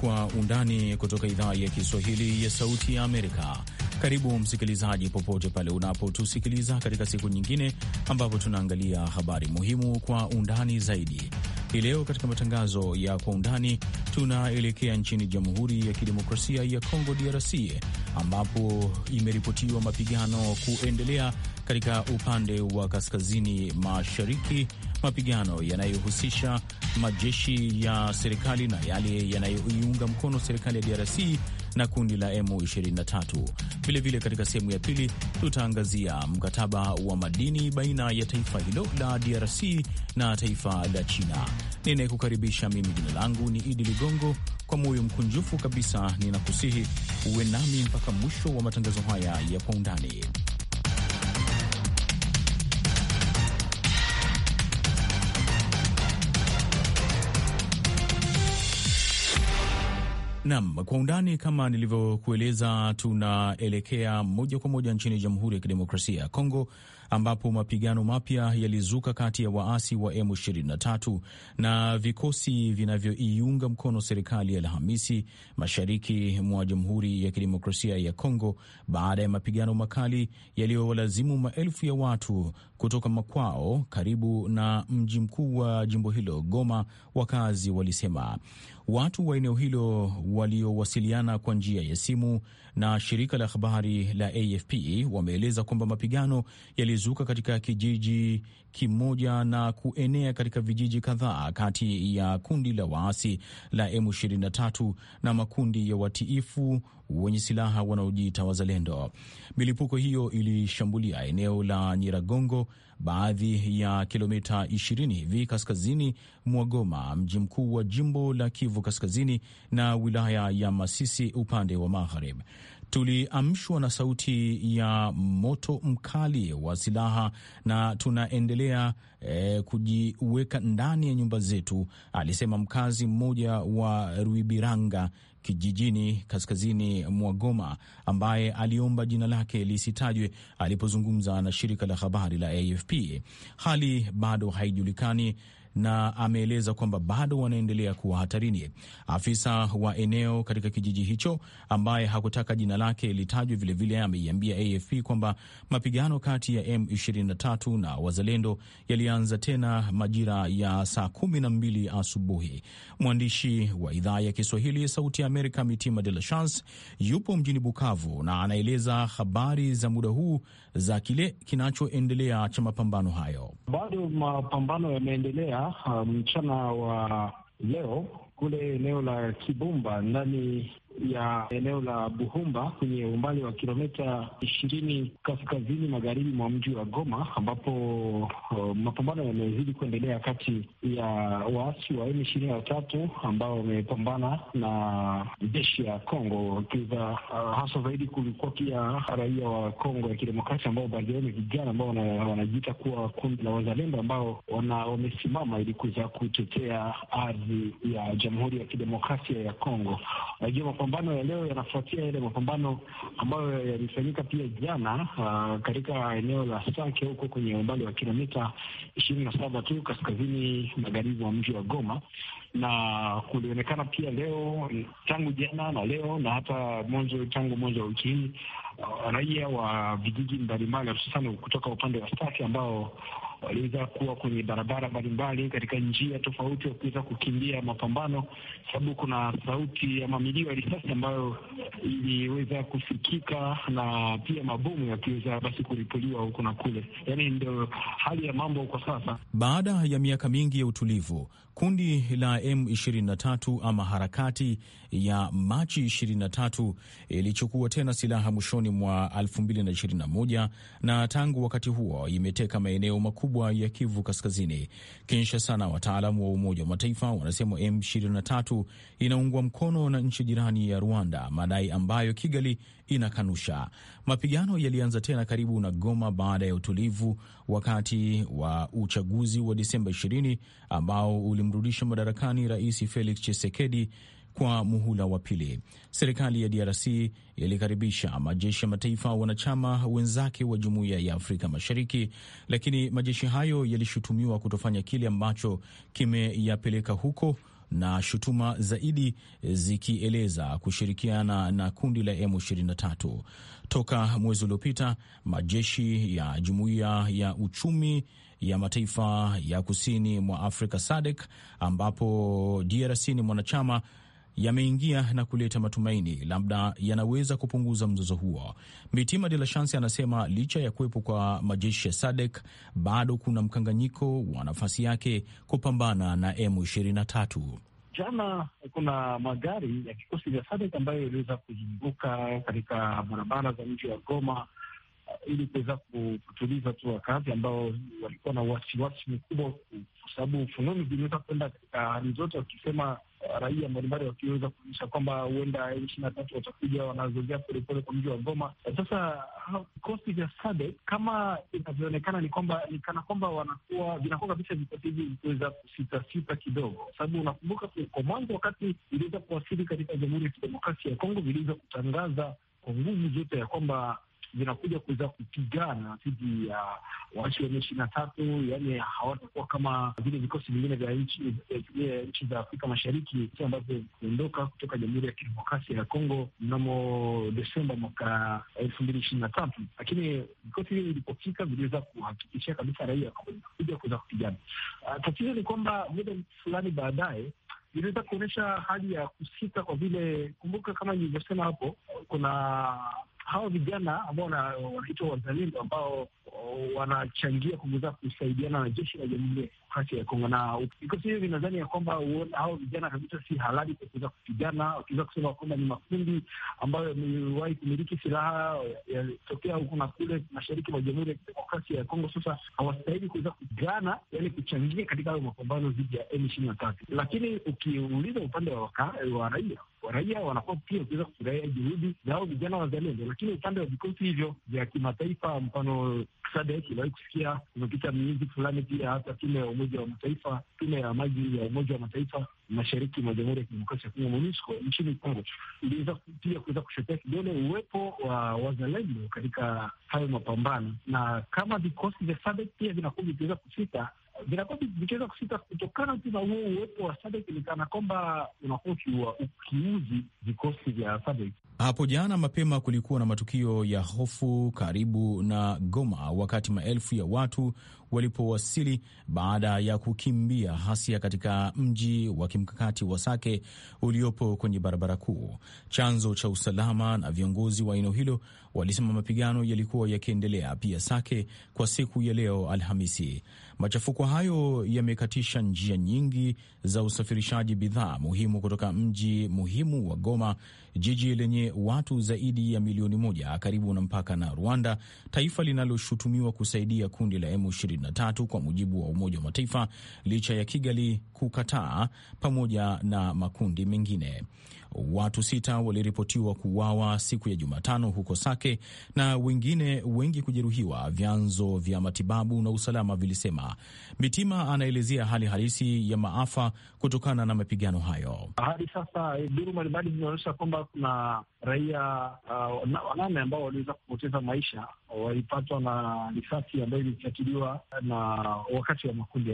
Kwa Undani kutoka idhaa ya Kiswahili ya Sauti ya Amerika. Karibu msikilizaji, popote pale unapotusikiliza katika siku nyingine ambapo tunaangalia habari muhimu kwa undani zaidi. Hii leo katika matangazo ya Kwa Undani tunaelekea nchini Jamhuri ya Kidemokrasia ya Kongo, DRC, ambapo imeripotiwa mapigano kuendelea katika upande wa kaskazini mashariki mapigano yanayohusisha majeshi ya serikali na yale yanayoiunga mkono serikali ya DRC na kundi la M23. Vilevile, katika sehemu ya pili tutaangazia mkataba wa madini baina ya taifa hilo la DRC na taifa la China. Ninayekukaribisha mimi jina langu ni Idi Ligongo. Kwa moyo mkunjufu kabisa ninakusihi uwe nami mpaka mwisho wa matangazo haya ya kwa undani. nam kwa undani kama nilivyokueleza, tunaelekea moja kwa moja nchini Jamhuri ya Kidemokrasia ya Kongo ambapo mapigano mapya yalizuka kati ya waasi wa M23 na vikosi vinavyoiunga mkono serikali ya Alhamisi mashariki mwa Jamhuri ya Kidemokrasia ya Kongo baada ya mapigano makali yaliyowalazimu maelfu ya watu kutoka makwao karibu na mji mkuu wa jimbo hilo Goma, wakazi walisema. Watu wa eneo hilo waliowasiliana kwa njia ya simu na shirika la habari la AFP wameeleza kwamba mapigano yalizuka katika kijiji kimoja na kuenea katika vijiji kadhaa kati ya kundi la waasi la M23 na makundi ya watiifu wenye silaha wanaojiita wazalendo. Milipuko hiyo ilishambulia eneo la Nyiragongo, baadhi ya kilomita 20 hivi kaskazini mwa Goma, mji mkuu wa jimbo la Kivu Kaskazini, na wilaya ya Masisi upande wa magharibi. Tuliamshwa na sauti ya moto mkali wa silaha na tunaendelea e, kujiweka ndani ya nyumba zetu, alisema mkazi mmoja wa Ruibiranga kijijini kaskazini mwa Goma ambaye aliomba jina lake lisitajwe alipozungumza na shirika la habari la AFP. Hali bado haijulikani na ameeleza kwamba bado wanaendelea kuwa hatarini. Afisa wa eneo katika kijiji hicho ambaye hakutaka jina lake litajwe, vilevile ameiambia AFP kwamba mapigano kati ya M23 na wazalendo yalianza tena majira ya saa kumi na mbili asubuhi. Mwandishi wa idhaa ya Kiswahili ya Sauti ya Amerika Mitima De La Chance yupo mjini Bukavu na anaeleza habari za muda huu za kile kinachoendelea cha mapambano hayo. Bado mapambano yameendelea Uh, mchana um, wa leo kule eneo la Kibumba ndani ya eneo la Buhumba kwenye umbali wa kilomita ishirini kaskazini magharibi mwa mji wa Goma, ambapo uh, mapambano yamezidi kuendelea kati ya waasi wa M ishirini na tatu ambao wamepambana na jeshi ya Kongo kiza, uh, haswa zaidi kulikuwa pia raia wa Kongo ya kidemokrasia ambao baadhi yao ni vijana ambao wanajiita kuwa kundi la wazalendo ambao wamesimama ili kuweza kutetea ardhi ya Jamhuri ya Kidemokrasia ya Kongo. Najua mapambano ya leo yanafuatia yale mapambano ambayo yalifanyika pia jana uh, katika eneo la Sake huko kwenye umbali wa kilomita ishirini na saba tu kaskazini magharibi wa mji wa Goma, na kulionekana pia leo tangu jana na leo na hata mwanzo tangu mwanzo wa wiki hii raia wa vijiji mbalimbali hususan kutoka upande wa Stati ambao waliweza kuwa kwenye barabara mbalimbali katika njia tofauti, wakiweza kukimbia mapambano, sababu kuna sauti ama mamilio ya risasi ambayo iliweza kusikika na pia mabomu yakiweza basi kuripuliwa huko na kule. Yani ndio hali ya mambo kwa sasa. Baada ya miaka mingi ya utulivu, kundi la M23 ama harakati ya Machi 23 ilichukua tena silaha mwishoni mwishoni mwa 2021 na tangu wakati huo imeteka maeneo makubwa ya Kivu Kaskazini. Kinshasa na wataalamu wa Umoja wa Mataifa wanasema M23 inaungwa mkono na nchi jirani ya Rwanda, madai ambayo Kigali inakanusha. Mapigano yalianza tena karibu na Goma baada ya utulivu wakati wa uchaguzi wa Disemba 20 ambao ulimrudisha madarakani Rais Felix Tshisekedi kwa muhula wa pili. Serikali ya DRC yalikaribisha majeshi ya mataifa wanachama wenzake wa jumuiya ya Afrika Mashariki, lakini majeshi hayo yalishutumiwa kutofanya kile ambacho kimeyapeleka huko na shutuma zaidi zikieleza kushirikiana na kundi la M23. Toka mwezi uliopita majeshi ya jumuiya ya uchumi ya mataifa ya kusini mwa Afrika SADC ambapo DRC ni mwanachama yameingia na kuleta matumaini, labda yanaweza kupunguza mzozo huo. Mitima De La Chance anasema licha ya kuwepo kwa majeshi ya SADC bado kuna mkanganyiko wa nafasi yake kupambana na M23. Jana kuna magari ya kikosi vya SADC ambayo iliweza kuzunguka katika barabara za mji wa Goma uh, ili kuweza kutuliza tu wakazi ambao walikuwa na wasiwasi mkubwa, kwa sababu fununu ziliweza kwenda katika hali zote wakisema raia mbalimbali wakiweza kuonyesha kwamba huenda ishirini na tatu watakuja wanazozea polepole kwa mji wa Goma. Sasa vikosi vya SADC kama inavyoonekana ni kwamba ni kana kwamba wanakuwa vinakuwa kabisa vikosi hivi vikiweza kusitasita kidogo, kwa sababu unakumbuka kwa mwanzo wakati viliweza kuwasili katika Jamhuri ya Kidemokrasia ya Kongo viliweza kutangaza kwa nguvu zote ya kwamba zinakuja kuweza kupigana dhidi ya waasi wa ishirini na tatu, Yani hawatakuwa kama vile vikosi vingine vya nchi eh, nchi za Afrika Mashariki ambavyo kuondoka kutoka Jamhuri ya Kidemokrasia ya Kongo mnamo Desemba mwaka elfu mbili ishirini na tatu, lakini vikosi hivi vilipofika viliweza kuhakikishia kabisa raia kuja kuweza kupigana. Ah, tatizo ni kwamba muda fulani baadaye iliweza kuonyesha hali ya kusita kwa vile, kumbuka, kama nilivyosema hapo, kuna hawa vijana ambao wanaitwa wazalendo ambao uh, wanachangia kuweza kusaidiana na jeshi la Jamhuri ya Kidemokrasia ya Kongo, na vikosi hivyo vinadhani ya kwamba hawa vijana kabisa si halali kwa kuweza kupigana, wakiweza kusema kwamba ni makundi ambayo yamewahi kumiliki silaha yatokea huku na kule mashariki mwa Jamhuri ya Kidemokrasia ya Kongo. Sasa hawastahili kuweza kupigana, yani kuchangia katika hayo mapambano dhidi ya M ishirini na tatu. Lakini ukiuliza upande wa raia raia wanakuwa pia wakiweza kufurahia juhudi za hao vijana wazalendo. Lakini upande wa vikosi hivyo vya kimataifa, mfano SADC, iliwahi kusikia kumepita miezi fulani, pia hata tume ya Umoja wa Mataifa, tume ya maji ya Umoja wa Mataifa mashariki mwa Jamhuri ya Kidemokrasia ya Kongo, MONUSCO, nchini Kongo, iliweza pia kuweza kushotea kidole uwepo wa wazalendo katika hayo mapambano, na kama vikosi vya SADC pia vinakuja vikiweza kusita vinakuwa vikiweza kusita kutokana tu na huo uwepo wa SADC ni kana kwamba unakuwa ukiuzi vikosi vya SADC. Hapo jana mapema kulikuwa na matukio ya hofu karibu na Goma wakati maelfu ya watu walipowasili baada ya kukimbia hasia katika mji wa kimkakati wa Sake uliopo kwenye barabara kuu. Chanzo cha usalama na viongozi wa eneo hilo walisema mapigano yalikuwa yakiendelea pia Sake kwa siku ya leo Alhamisi. Machafuko hayo yamekatisha njia nyingi za usafirishaji bidhaa muhimu kutoka mji muhimu wa Goma jiji lenye watu zaidi ya milioni moja karibu na mpaka na Rwanda, taifa linaloshutumiwa kusaidia kundi la M23 kwa mujibu wa Umoja wa Mataifa, licha ya Kigali kukataa pamoja na makundi mengine. Watu sita waliripotiwa kuuawa siku ya Jumatano huko Sake na wengine wengi kujeruhiwa, vyanzo vya matibabu na usalama vilisema. Mitima anaelezea hali halisi ya maafa kutokana na mapigano hayo. Hadi sasa eh, duru mbalimbali zinaonyesha kwamba kuna raia uh, wanane ambao waliweza kupoteza maisha, walipatwa na risasi ambayo ilifyatuliwa na wakati wa makundi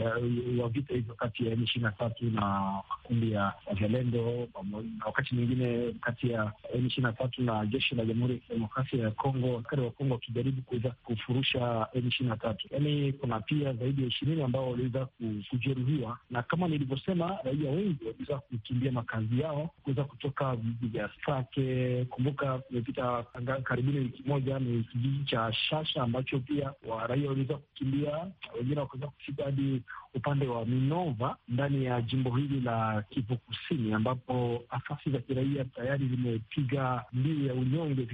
wa vita hivyo kati ya M ishirini na tatu na makundi ya wazalendo, na wakati mwingine kati ya M ishirini na tatu na jeshi la Jamhuri ya Kidemokrasia ya Kongo, askari wa Kongo wakijaribu kuweza kufurusha M ishirini na tatu. Yaani kuna pia zaidi ya ishirini ambao waliweza kujeruhiwa, na kama nilivyosema, raia wengi waliweza kukimbia makazi yao kuweza kutoka vijiji vya sake chake. Kumbuka kumepita karibuni wiki moja, ni kijiji cha Shasha ambacho pia waraia waliweza kukimbia, wengine wakaweza kufika hadi upande wa Minova ndani ya jimbo hili la Kivu Kusini, ambapo asasi za kiraia tayari zimepiga mbiu ya unyonge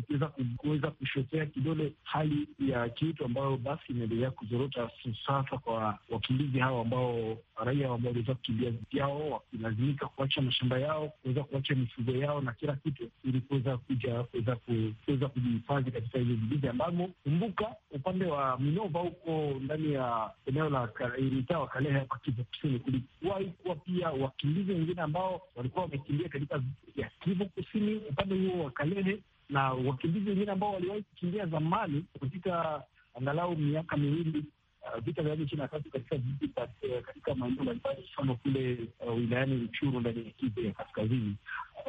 zikiweza kuweza kushotea kidole hali ya kitu ambayo basi imeendelea kuzorota sasa kwa wakimbizi hao ambao raia ambao waliweza kukimbia vyao, wakilazimika kuacha mashamba yao, kuweza kuacha mifugo yao zao na kila kitu, ili kuweza kuja kuweza kujihifadhi katika hizo vijiji ambavyo, kumbuka, upande wa Minova huko ndani ya eneo la eh, mtaa wa Kalehe kwa Kivu Kusini, kuliwahi kuwa pia wakimbizi wengine ambao walikuwa wamekimbia katika ya Kivu Kusini upande huo wa Kalehe, na wakimbizi wengine ambao waliwahi kukimbia zamani katika angalau miaka miwili uh, vita vya ishirini na tatu katika vijiji eh, katika maeneo mbalimbali, mfano kule uh, wilayani Ruchuru ndani ya Kivu ya kaskazini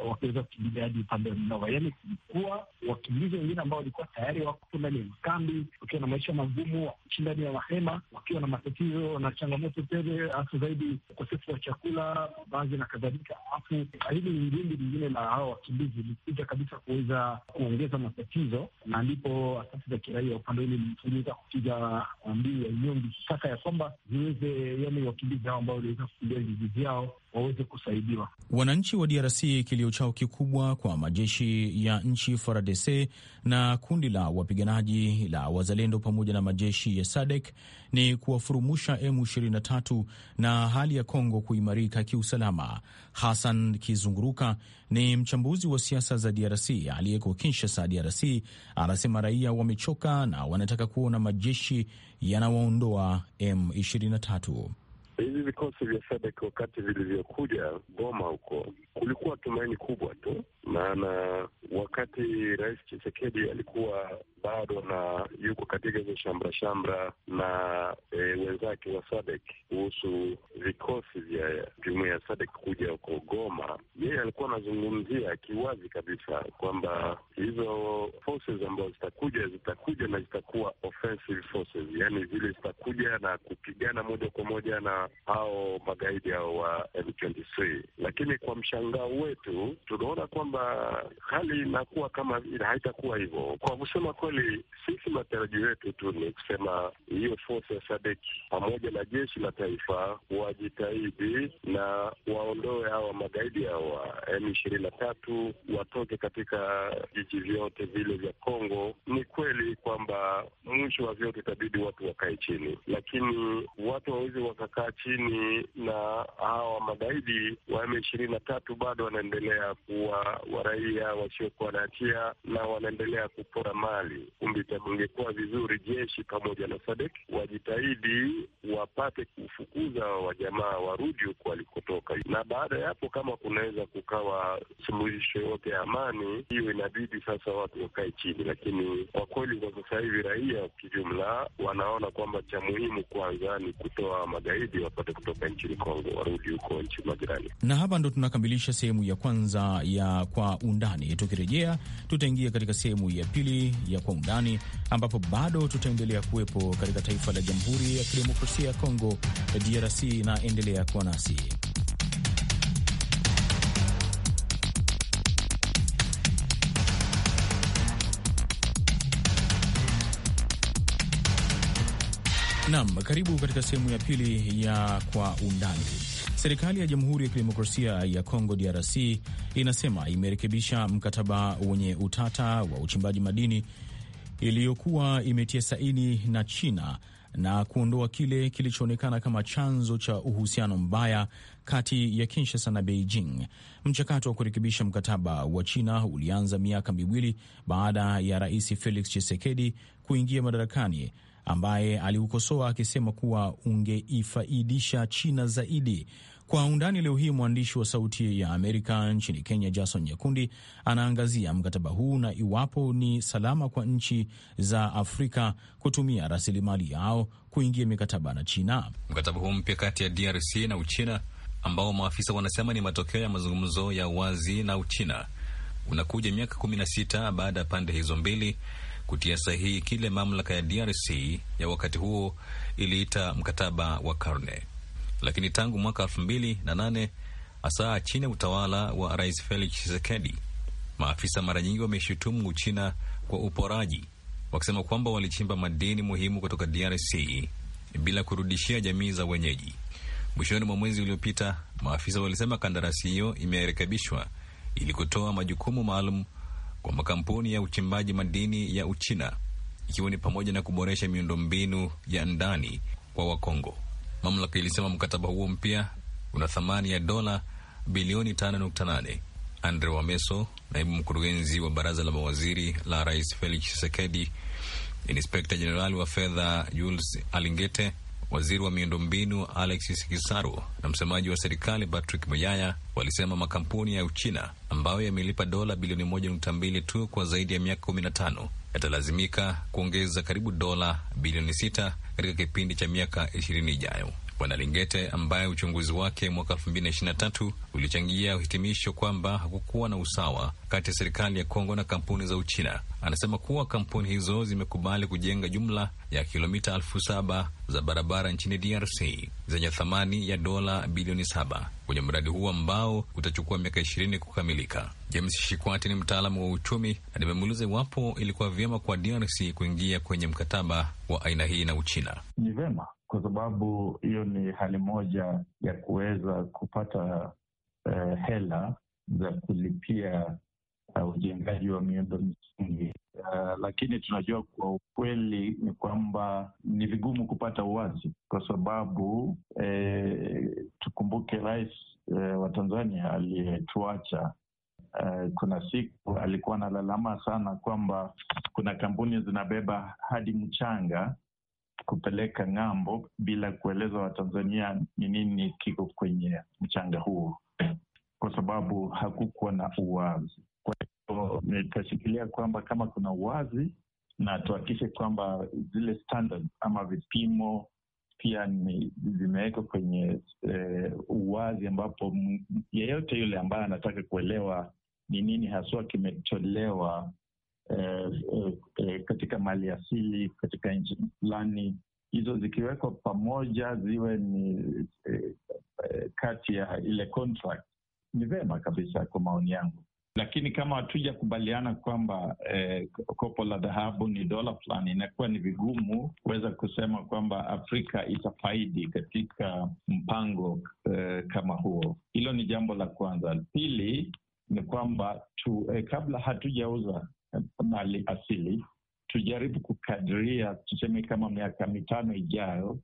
wakiweza kukimbilia hadi upande wa Minova. Yaani kulikuwa wakimbizi wengine ambao walikuwa tayari wako ndani ya makambi wakiwa na maisha magumu, wakiishi ndani ya mahema, wakiwa na matatizo na changamoto tele, hasa zaidi ukosefu wa chakula, baadhi na kadhalika. Alafu hili ni lindi lingine la hawa wakimbizi likuja kabisa kuweza kuongeza matatizo, na ndipo asasi za kiraia upande ule lilifanyika kupiga mbiu ya nyumbi kaka ya kwamba ziweze, yani wakimbizi hao ambao waliweza kukimbia vijiji vyao waweze kusaidiwa. Wananchi wa DRC kilio chao kikubwa kwa majeshi ya nchi FARDC na kundi la wapiganaji la wazalendo pamoja na majeshi ya SADC ni kuwafurumusha M23 na hali ya Kongo kuimarika kiusalama. Hassan Kizunguruka ni mchambuzi wa siasa za DRC aliyeko Kinshasa, DRC, anasema raia wamechoka na wanataka kuona majeshi yanawaondoa M23 hivi vikosi vya SADC wakati vilivyokuja Goma huko, kulikuwa tumaini kubwa tu, maana wakati Rais chisekedi alikuwa bado na yuko katika hizo shamra shamra na e, wenzake wa Sadek kuhusu vikosi vya jumuiya ya Sadek kuja huko Goma. Yeye alikuwa anazungumzia kiwazi kabisa kwamba hizo forces ambazo zitakuja zitakuja na zitakuwa offensive forces, yani zile zitakuja na kupigana moja kwa moja na hao magaidi hao wa M23. Lakini kwa mshangao wetu tunaona kwamba hali inakuwa kama haitakuwa hivyo kwa kusema kwa kweli sisi matarajio yetu tu ni kusema hiyo force ya Sadeki pamoja na jeshi la taifa wajitahidi na waondoe hawa magaidi hawa M ishirini na tatu watoke katika jiji vyote vile vya Kongo. Ni kweli kwamba mwisho wa vyote itabidi watu wakae chini, lakini watu wawezi wakakaa chini na hawa magaidi wa M ishirini na tatu bado wanaendelea kuwa waraia wasiokuwa na hatia na wanaendelea kupora mali Kumbe ingekuwa vizuri jeshi pamoja na Sadek wajitahidi wapate kufukuza wajamaa warudi huko walikotoka, na baada ya hapo kama kunaweza kukawa suluhisho yote ya amani, hiyo inabidi sasa watu wakae chini. Lakini kwa kweli kwa sasa hivi raia kijumla wanaona kwamba cha muhimu kwanza ni kutoa magaidi wapate kutoka nchini Kongo warudi huko nchi majirani. Na hapa ndo tunakamilisha sehemu ya kwanza ya Kwa Undani. Tukirejea tutaingia katika sehemu ya pili ya kwa kwa undani, ambapo bado tutaendelea kuwepo katika taifa la Jamhuri ya Kidemokrasia ya Kongo, DRC, na endelea kuwa nasi. Nam, karibu katika sehemu ya pili ya Kwa Undani. Serikali ya Jamhuri ya Kidemokrasia ya Kongo, DRC, inasema imerekebisha mkataba wenye utata wa uchimbaji madini iliyokuwa imetia saini na China na kuondoa kile kilichoonekana kama chanzo cha uhusiano mbaya kati ya Kinshasa na Beijing. Mchakato wa kurekebisha mkataba wa China ulianza miaka miwili baada ya Rais Felix Tshisekedi kuingia madarakani, ambaye aliukosoa akisema kuwa ungeifaidisha China zaidi. Kwa undani leo hii, mwandishi wa Sauti ya Amerika nchini Kenya, Jason Nyakundi, anaangazia mkataba huu na iwapo ni salama kwa nchi za Afrika kutumia rasilimali yao kuingia mikataba na China. Mkataba huu mpya kati ya DRC na Uchina, ambao maafisa wanasema ni matokeo ya mazungumzo ya wazi na Uchina, unakuja miaka kumi na sita baada ya pande hizo mbili kutia sahihi kile mamlaka ya DRC ya wakati huo iliita mkataba wa karne lakini tangu mwaka elfu mbili na nane hasa chini ya utawala wa Rais Felix chisekedi maafisa mara nyingi wameshutumu Uchina kwa uporaji, wakisema kwamba walichimba madini muhimu kutoka DRC bila kurudishia jamii za wenyeji. Mwishoni mwa mwezi uliopita, maafisa walisema kandarasi hiyo imerekebishwa ili kutoa majukumu maalum kwa makampuni ya uchimbaji madini ya Uchina, ikiwa ni pamoja na kuboresha miundombinu ya ndani kwa Wakongo. Mamlaka ilisema mkataba huo mpya una thamani ya dola bilioni 5.8. Andre Wameso, naibu mkurugenzi wa baraza la mawaziri la Rais Felix chisekedi inspekta jenerali wa fedha Jules Alingete Waziri wa miundombinu Alexis Kisaru na msemaji wa serikali Patrick Muyaya walisema makampuni ya Uchina ambayo yamelipa dola bilioni moja nukta mbili tu kwa zaidi ya miaka kumi na tano yatalazimika kuongeza karibu dola bilioni sita katika kipindi cha miaka ishirini ijayo. Bwana Lingete ambaye uchunguzi wake mwaka 2023 ulichangia hitimisho kwamba hakukuwa na usawa kati ya serikali ya Kongo na kampuni za Uchina. Anasema kuwa kampuni hizo zimekubali kujenga jumla ya kilomita elfu saba za barabara nchini DRC zenye thamani ya dola bilioni saba kwenye mradi huo ambao utachukua miaka ishirini kukamilika. James Shikwati ni mtaalamu wa uchumi na nimemuuliza iwapo ilikuwa vyema kwa DRC kuingia kwenye mkataba wa aina hii na Uchina. Ni vema kwa sababu hiyo ni hali moja ya kuweza kupata uh, hela za kulipia uh, ujengaji wa miundo msingi. Uh, eh, lakini tunajua kwa ukweli ni kwamba ni vigumu kupata uwazi kwa sababu eh, tukumbuke rais eh, wa Tanzania aliyetuacha Uh, kuna siku alikuwa analalama sana kwamba kuna kampuni zinabeba hadi mchanga kupeleka ng'ambo bila kueleza Watanzania ni nini kiko kwenye mchanga huo, kwa sababu hakukuwa na uwazi. Kwa hiyo nitashikilia kwamba kama kuna uwazi na tuhakikishe kwamba zile ama vipimo pia zimewekwa kwenye eh, uwazi ambapo yeyote yule ambaye anataka kuelewa ni nini haswa kimetolewa eh, eh, katika mali asili katika nchi fulani, hizo zikiwekwa pamoja ziwe ni eh, eh, kati ya ile contract, ni vema kabisa kwa maoni yangu, lakini kama hatujakubaliana kwamba eh, kopo la dhahabu ni dola fulani, inakuwa ni vigumu kuweza kusema kwamba Afrika itafaidi katika mpango eh, kama huo. Hilo ni jambo la kwanza. Pili ni kwamba tu, eh, kabla hatujauza mali asili, tujaribu kukadiria, tuseme kama miaka mitano ijayo,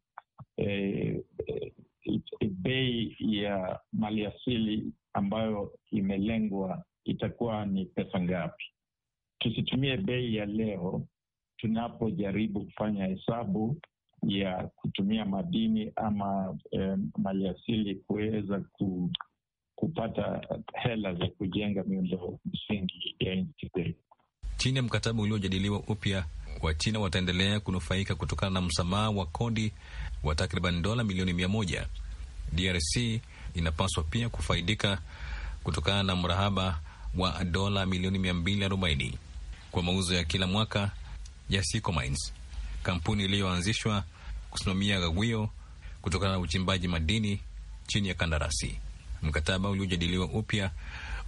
eh, eh, bei ya mali asili ambayo imelengwa itakuwa ni pesa ngapi. Tusitumie bei ya leo tunapojaribu kufanya hesabu ya kutumia madini ama eh, asili kuweza ku, kupata hela za kujenga miundo msingi ya nchi zetu chini ya mkataba uliojadiliwa upya, Wachina wataendelea kunufaika kutokana na msamaha wa kodi wa takriban dola milioni mia moja. DRC inapaswa pia kufaidika kutokana na mrahaba wa dola milioni mia mbili arobaini kwa mauzo ya kila mwaka ya Sicko Mines, kampuni iliyoanzishwa kusimamia gawio kutokana na uchimbaji madini chini ya kandarasi. Mkataba uliojadiliwa upya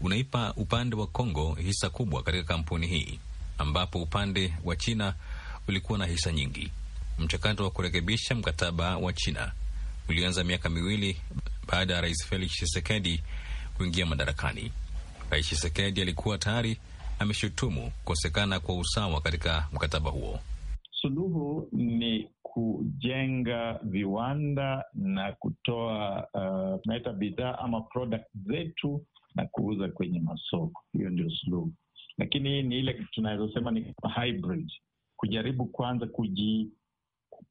unaipa upande wa Kongo hisa kubwa katika kampuni hii ambapo upande wa China ulikuwa na hisa nyingi. Mchakato wa kurekebisha mkataba wa China ulianza miaka miwili baada ya Rais Felix chisekedi kuingia madarakani. Rais chisekedi alikuwa tayari ameshutumu kukosekana kwa usawa katika mkataba huo. Suluhu ni kujenga viwanda na kutoa uh, naita bidhaa ama product zetu na kuuza kwenye masoko. Hiyo ndio suluhu lakini hii ni ile tunawezosema ni hybrid, kujaribu kwanza kuji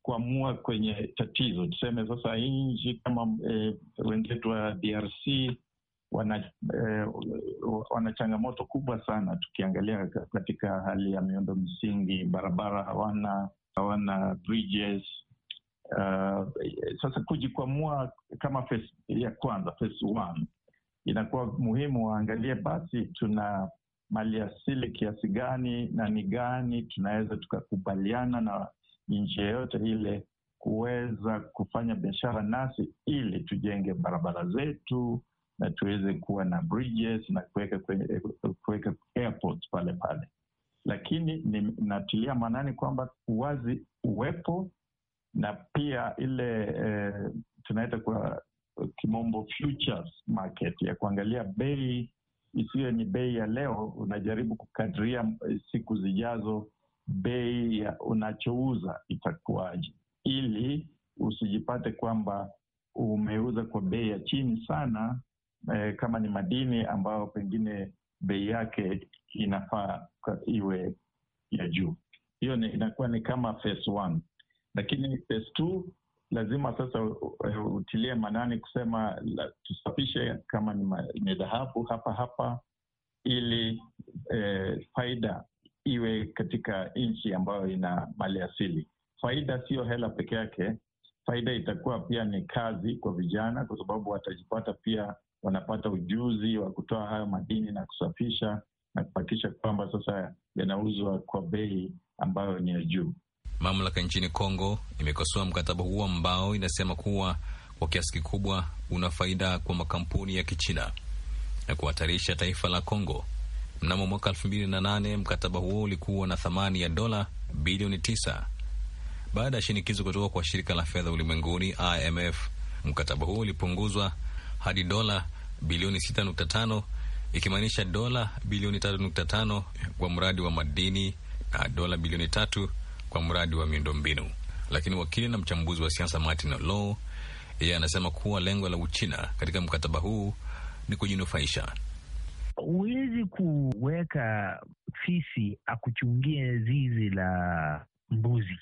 kuamua kwenye tatizo. Tuseme sasa hii nchi kama e, wenzetu wa DRC wana e, wana changamoto kubwa sana, tukiangalia katika hali ya miundo msingi, barabara hawana hawana bridges. Uh, sasa kujikwamua kama phase ya kwanza, phase one inakuwa muhimu waangalie basi tuna mali asili kiasi gani na ni gani tunaweza tukakubaliana na nchi yeyote ile kuweza kufanya biashara nasi ili tujenge barabara zetu na tuweze kuwa na bridges na kuweka airports pale pale, lakini natilia maanani kwamba uwazi uwepo na pia ile eh, tunaita kwa kimombo futures market ya kuangalia bei isiyo ni bei ya leo, unajaribu kukadiria siku zijazo bei ya unachouza itakuwaje, ili usijipate kwamba umeuza kwa bei ya chini sana eh, kama ni madini ambayo pengine bei yake inafaa iwe ya juu. Hiyo inakuwa ni kama phase one, lakini phase two lazima sasa eh, utilie manani kusema la, tusafishe kama ni dhahabu hapa hapa ili eh, faida iwe katika nchi ambayo ina mali asili. Faida siyo hela peke yake. Faida itakuwa pia ni kazi kwa vijana, kwa sababu watajipata pia wanapata ujuzi wa kutoa hayo madini na kusafisha na kuhakikisha kwamba sasa yanauzwa kwa bei ambayo ni ya juu. Mamlaka nchini Kongo imekosoa mkataba huo ambao inasema kuwa kwa kiasi kikubwa una faida kwa makampuni ya Kichina na kuhatarisha taifa la Kongo. Mnamo mwaka elfu mbili na nane mkataba huo ulikuwa na thamani ya dola bilioni tisa. Baada ya shinikizo kutoka kwa shirika la fedha ulimwenguni IMF, mkataba huo ulipunguzwa hadi dola bilioni 6.5 ikimaanisha dola bilioni 3.5 kwa mradi wa madini na dola bilioni tatu kwa mradi wa miundombinu. Lakini wakili na mchambuzi wa siasa Martin Olow yeye anasema kuwa lengo la Uchina katika mkataba huu ni kujinufaisha. Huwezi kuweka fisi akuchungie zizi la mbuzi.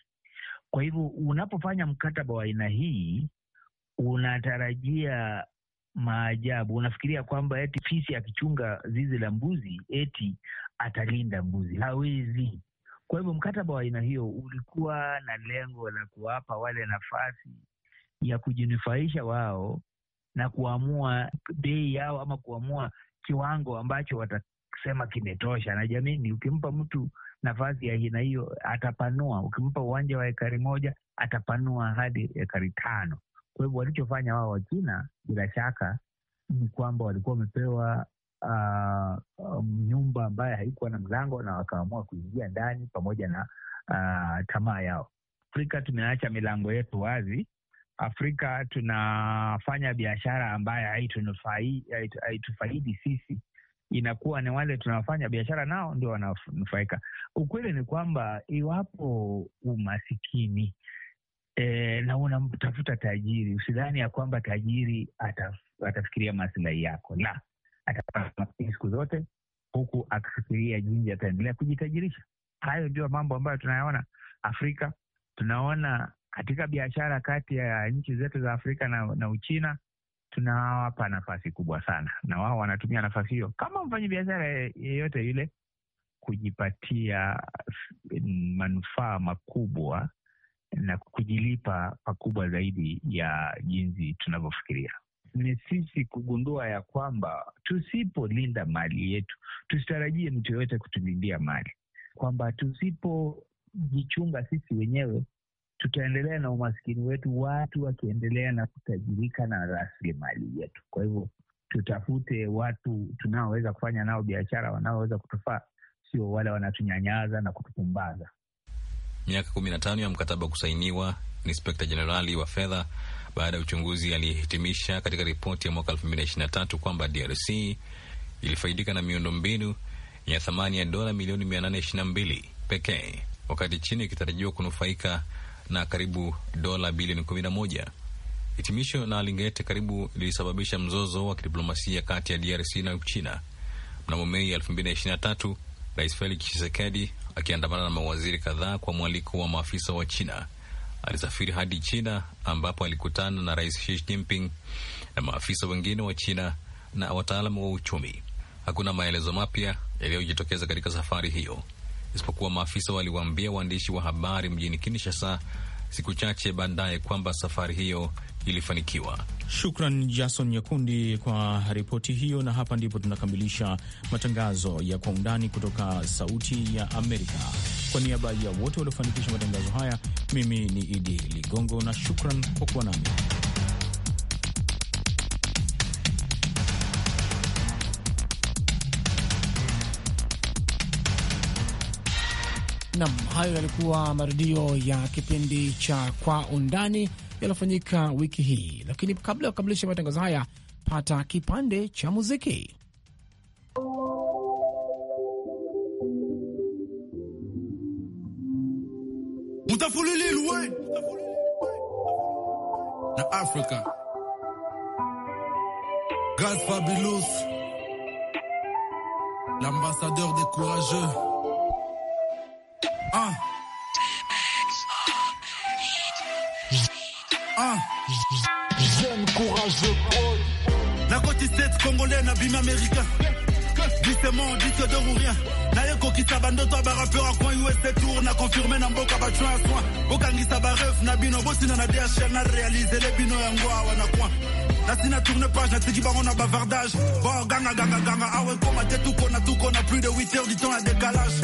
Kwa hivyo unapofanya mkataba wa aina hii unatarajia maajabu. Unafikiria kwamba eti fisi akichunga zizi la mbuzi eti atalinda mbuzi. Hawezi. Kwa hivyo mkataba wa aina hiyo ulikuwa na lengo la kuwapa wale nafasi ya kujinufaisha wao na kuamua bei yao ama kuamua kiwango ambacho watasema kimetosha. Na jamini, ukimpa mtu nafasi ya aina hiyo atapanua. Ukimpa uwanja wa ekari moja atapanua hadi ekari tano. Kwa hivyo walichofanya wao Wachina bila shaka ni kwamba walikuwa wamepewa uh, um, nyumba ambayo haikuwa na mlango na wakaamua kuingia ndani pamoja na uh, tamaa yao. Afrika tumeacha milango yetu wazi. Afrika tunafanya biashara ambayo haitufaidi sisi, inakuwa ni wale tunafanya biashara nao ndio wananufaika. Ukweli ni kwamba iwapo umasikini e, na unamtafuta tajiri, usidhani ya kwamba tajiri ataf, atafikiria masilahi yako, la atapata siku zote, huku akifikiria jinsi ataendelea kujitajirisha. Hayo ndio mambo ambayo tunayaona Afrika, tunaona katika biashara kati ya nchi zetu za Afrika na, na Uchina tunawapa nafasi kubwa sana, na wao wanatumia nafasi hiyo kama mfanya biashara yeyote yule kujipatia manufaa makubwa na kujilipa pakubwa zaidi ya jinsi tunavyofikiria ni sisi kugundua ya kwamba tusipolinda mali yetu, tusitarajie mtu yoyote kutulindia mali, kwamba tusipojichunga sisi wenyewe tutaendelea na umaskini wetu, watu wakiendelea na kutajirika na rasilimali yetu. Kwa hivyo tutafute watu tunaoweza kufanya nao biashara, wanaoweza kutufaa, sio wale wanatunyanyaza na kutupumbaza. Miaka kumi na tano ya mkataba wa kusainiwa, Inspekta Jenerali wa fedha baada ya uchunguzi aliyehitimisha katika ripoti ya mwaka 2023 kwamba DRC ilifaidika na miundombinu ya thamani ya dola milioni 822 pekee, wakati China ikitarajiwa kunufaika na karibu dola bilioni 11. Hitimisho na Alingete karibu lilisababisha mzozo wa kidiplomasia kati ya DRC na China. Mnamo Mei 2023, Rais Felix Tshisekedi akiandamana na mawaziri kadhaa kwa mwaliko wa maafisa wa China alisafiri hadi China ambapo alikutana na Rais Xi Jinping na maafisa wengine wa China na wataalamu wa uchumi. Hakuna maelezo mapya yaliyojitokeza katika safari hiyo isipokuwa maafisa waliwaambia waandishi wa habari mjini Kinshasa siku chache baadaye kwamba safari hiyo ilifanikiwa. Shukran Jason Nyakundi kwa ripoti hiyo, na hapa ndipo tunakamilisha matangazo ya Kwa Undani kutoka Sauti ya Amerika. Kwa niaba ya wote waliofanikisha matangazo haya, mimi ni Idi Ligongo na shukran kwa kuwa nami. Nam, hayo yalikuwa marudio ya kipindi cha Kwa Undani yaliyofanyika wiki hii, lakini kabla ya kukamilisha matangazo haya, pata kipande cha muziki. l'île, Africa Gaz Fabulous l'ambassadeur des courageux ah ah jeune courageux congolais américaine. américain dit que de rien okokita bandoto barapeur akoin us tour na konfirme na mboka ba ya soin bokangisa baref na bino bosinda na dhl na les bino yango awa na coin nasina tourne page natiki bango na bavardage ganga ganga ganga. awa ekoma tout qu'on a plus de 8 heures du temps à décalage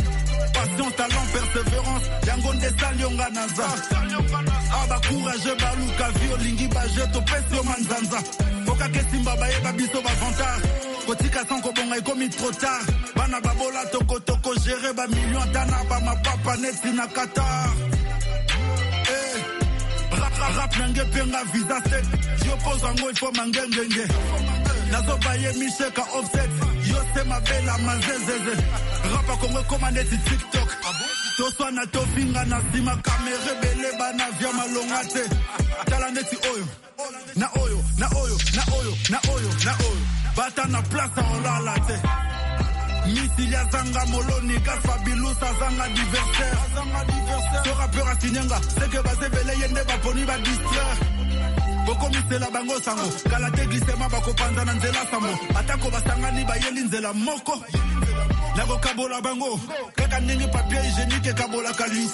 Passion talent persévérance Yangon nde esali yo nga na nza awa ah, bah, courage baluka vi olingi baje topesi yo manzanza kaka esimba bayeba biso kotika san kobonga ekomi tard bana babola tokotoko gere bamilio ata na bamapapa neti na qatar eh, rap nange visa set yo poso yango ifoma ngengenge nazoba misheka offset yo se mabela mazezeze rapa kongo ekóma neti tiktok toswana tofinga na nsima kamera ebele banavya malonga te tala neti oyo na oyo na oyo na oyo na oyo na oyo bata na place olala te misili azanga moloni gafa bilusa azanga diversaire so rapeur asinyanga seke basebele ye nde baponi badistraire bokomisela bango sango kala te glisema bakopanza na nzela sambo atako basangani bayeli nzela moko nakokabola bango kaka ndenge papier hygiénike ekabolaka lis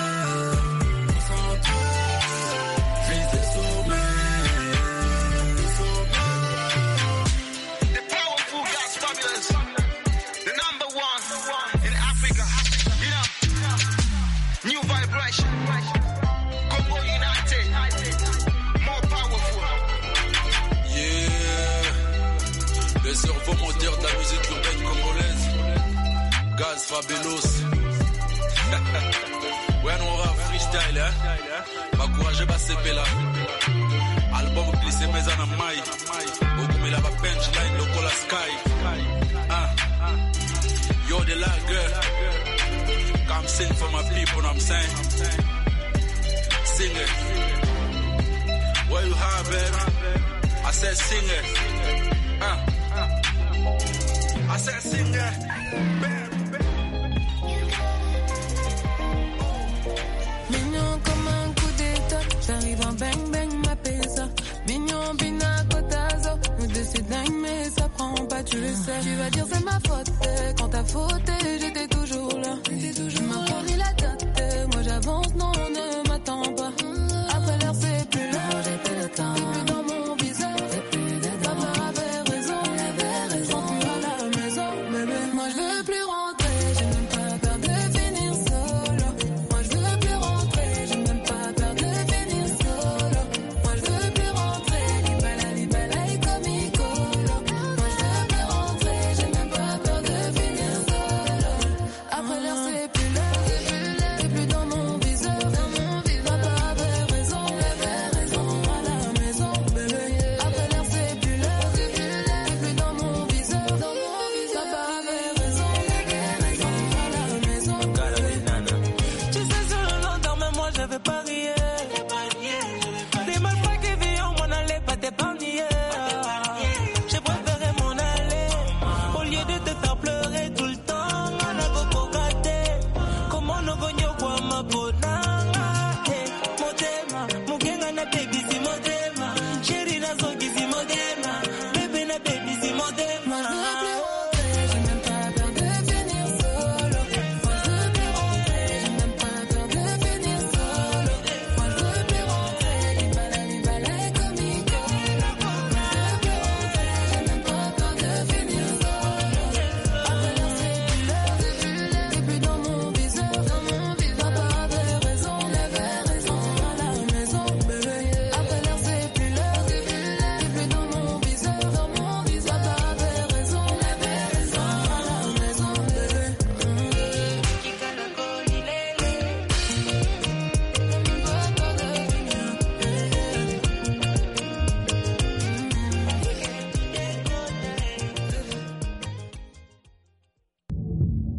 Les cerveaux menteurs de la musique urbaine congolaise. Gaz Fabelos. ouais, nous on va freestyle, hein. Ma courage, va c'est là. Album glissé, mais en amai. Okumila, pas punchline, cola sky. Ah. Yo, de la gueule. Come sing for my people, I'm saying. Sing it. Where you have it? I said sing Mignon comme un coup d'état, j'arrive en bang bang ma Mignon binakotazo. nous décidons, mais ça prend pas, tu le sais. Tu vas dire c'est ma faute quand ta faute est